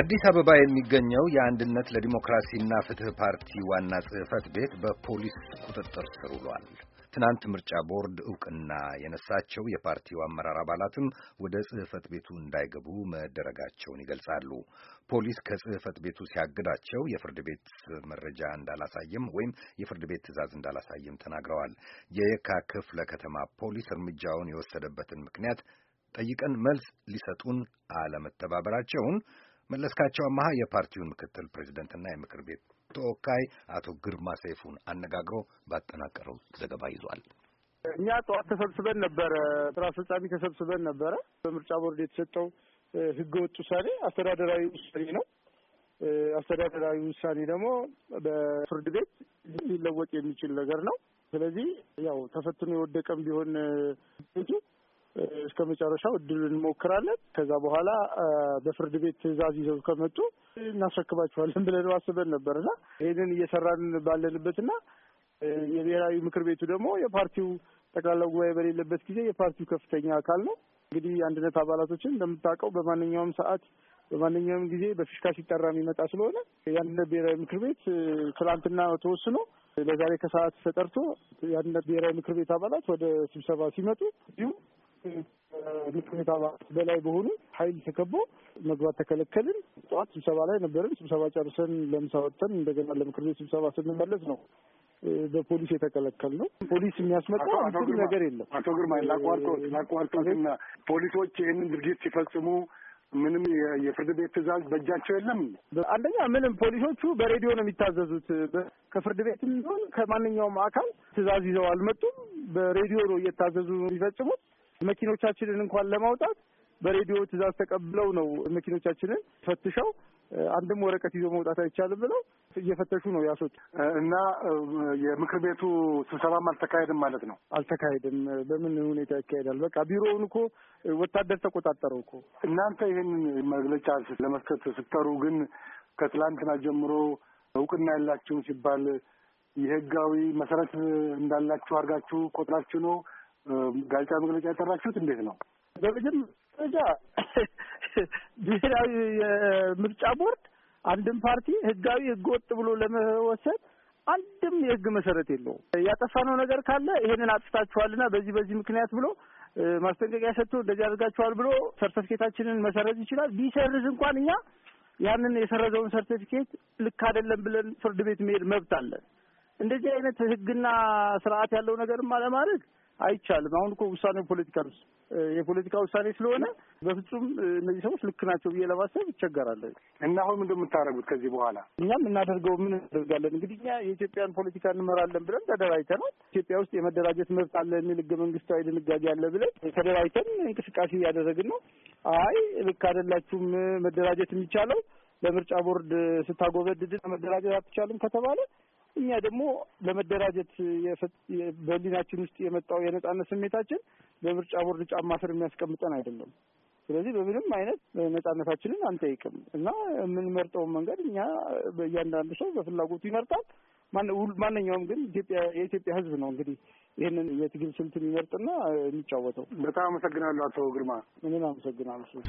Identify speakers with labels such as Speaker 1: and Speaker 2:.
Speaker 1: አዲስ አበባ የሚገኘው የአንድነት ለዲሞክራሲና ፍትህ ፓርቲ ዋና ጽህፈት ቤት በፖሊስ ቁጥጥር ስር ውሏል። ትናንት ምርጫ ቦርድ እውቅና የነሳቸው የፓርቲው አመራር አባላትም ወደ ጽህፈት ቤቱ እንዳይገቡ መደረጋቸውን ይገልጻሉ። ፖሊስ ከጽህፈት ቤቱ ሲያግዳቸው የፍርድ ቤት መረጃ እንዳላሳየም ወይም የፍርድ ቤት ትዕዛዝ እንዳላሳየም ተናግረዋል። የየካ ክፍለ ከተማ ፖሊስ እርምጃውን የወሰደበትን ምክንያት ጠይቀን መልስ ሊሰጡን አለመተባበራቸውን መለስካቸው አማሃ የፓርቲውን ምክትል ፕሬዚደንትና የምክር ቤት ተወካይ አቶ ግርማ ሰይፉን አነጋግሮ ባጠናቀረው ዘገባ ይዟል።
Speaker 2: እኛ ጠዋት ተሰብስበን ነበረ። ስራ አስፈጻሚ ተሰብስበን ነበረ። በምርጫ ቦርድ የተሰጠው ህገ ወጥ ውሳኔ አስተዳደራዊ ውሳኔ ነው። አስተዳደራዊ ውሳኔ ደግሞ በፍርድ ቤት ሊለወጥ የሚችል ነገር ነው። ስለዚህ ያው ተፈትኖ የወደቀም ቢሆን እስከ መጨረሻው እድሉ እንሞክራለን። ከዛ በኋላ በፍርድ ቤት ትዕዛዝ ይዘው ከመጡ እናስረክባቸዋለን ብለን ማስበን ነበር እና ይህንን እየሰራን ባለንበትና የብሔራዊ ምክር ቤቱ ደግሞ የፓርቲው ጠቅላላው ጉባኤ በሌለበት ጊዜ የፓርቲው ከፍተኛ አካል ነው። እንግዲህ አንድነት አባላቶችን እንደምታውቀው በማንኛውም ሰዓት በማንኛውም ጊዜ በፊሽካ ሲጠራ የሚመጣ ስለሆነ የአንድነት ብሔራዊ ምክር ቤት ትላንትና ተወስኖ ለዛሬ ከሰዓት ተጠርቶ የአንድነት ብሔራዊ ምክር ቤት አባላት ወደ ስብሰባ ሲመጡ እንዲሁም ምክር አባላት በላይ በሆኑ ኃይል ተከቦ መግባት ተከለከልን። ጠዋት ስብሰባ ላይ ነበርን። ስብሰባ ጨርሰን ለምሳ ወጥተን እንደገና ለምክር ቤት ስብሰባ ስንመለስ ነው በፖሊስ የተከለከል ነው። ፖሊስ የሚያስመጣው አንድም ነገር የለም። አቶ ግርማ
Speaker 3: ላቋርጦትና ፖሊሶች ይህንን ድርጊት ሲፈጽሙ ምንም የፍርድ ቤት ትእዛዝ በእጃቸው የለም። አንደኛ ምንም ፖሊሶቹ በሬዲዮ ነው የሚታዘዙት። ከፍርድ ቤትም
Speaker 2: ቢሆን ከማንኛውም አካል ትእዛዝ ይዘው አልመጡም። በሬዲዮ ነው እየታዘዙ የሚፈጽሙት። መኪኖቻችንን እንኳን ለማውጣት በሬዲዮ ትእዛዝ ተቀብለው ነው መኪኖቻችንን
Speaker 3: ፈትሸው አንድም ወረቀት ይዞ መውጣት አይቻልም ብለው እየፈተሹ ነው ያስወጡ እና የምክር ቤቱ ስብሰባም አልተካሄድም ማለት ነው። አልተካሄድም። በምን ሁኔታ
Speaker 2: ይካሄዳል? በቃ ቢሮውን እኮ ወታደር ተቆጣጠረው እኮ።
Speaker 3: እናንተ ይህን መግለጫ ለመስጠት ስትጠሩ ግን ከትላንትና ጀምሮ እውቅና ያላችሁ ሲባል የህጋዊ መሰረት እንዳላችሁ አድርጋችሁ ቆጥራችሁ ነው ጋዜጣ መግለጫ ያጠራችሁት እንዴት ነው? በመጀመሪያ ደረጃ ብሔራዊ
Speaker 2: የምርጫ ቦርድ አንድም ፓርቲ ህጋዊ ወጥ ብሎ ለመወሰድ አንድም የህግ መሰረት የለውም። ያጠፋነው ነገር ካለ ይሄንን አጥፍታችኋልና በዚህ በዚህ ምክንያት ብሎ ማስጠንቀቂያ ሰጥቶ እንደዚህ አድርጋችኋል ብሎ ሰርተፊኬታችንን መሰረዝ ይችላል። ቢሰርዝ እንኳን እኛ ያንን የሰረዘውን ሰርተፊኬት ልክ አይደለም ብለን ፍርድ ቤት መሄድ መብት አለን። እንደዚህ አይነት ህግና ስርዓት ያለው ነገርም አለማድረግ አይቻልም። አሁን እኮ ውሳኔው ፖለቲካ ነው። የፖለቲካ ውሳኔ ስለሆነ በፍጹም እነዚህ ሰዎች ልክ ናቸው ብዬ ለማሰብ ይቸገራለ።
Speaker 3: እና አሁን ምንድን የምታደርጉት ከዚህ በኋላ?
Speaker 2: እኛም እናደርገው ምን እናደርጋለን? እንግዲህ እኛ የኢትዮጵያን ፖለቲካ እንመራለን ብለን ተደራጅተናል። ኢትዮጵያ ውስጥ የመደራጀት መብት አለ የሚል ህገ መንግስታዊ ድንጋጌ አለ ብለን ተደራጅተን እንቅስቃሴ እያደረግን ነው። አይ ልክ አይደላችሁም፣ መደራጀት የሚቻለው ለምርጫ ቦርድ ስታጎበድድ መደራጀት አትቻልም ከተባለ እኛ ደግሞ ለመደራጀት በህሊናችን ውስጥ የመጣው የነጻነት ስሜታችን በምርጫ ቦርድ ጫማ ስር የሚያስቀምጠን አይደለም። ስለዚህ በምንም አይነት ነጻነታችንን አንጠይቅም እና የምንመርጠውን መንገድ እኛ እያንዳንዱ ሰው በፍላጎቱ ይመርጣል። ማንኛውም ግን የኢትዮጵያ ህዝብ ነው እንግዲህ ይህንን የትግል ስልት የሚመርጥና የሚጫወተው። በጣም አመሰግናለሁ አቶ ግርማ። እኔም አመሰግናለሁ።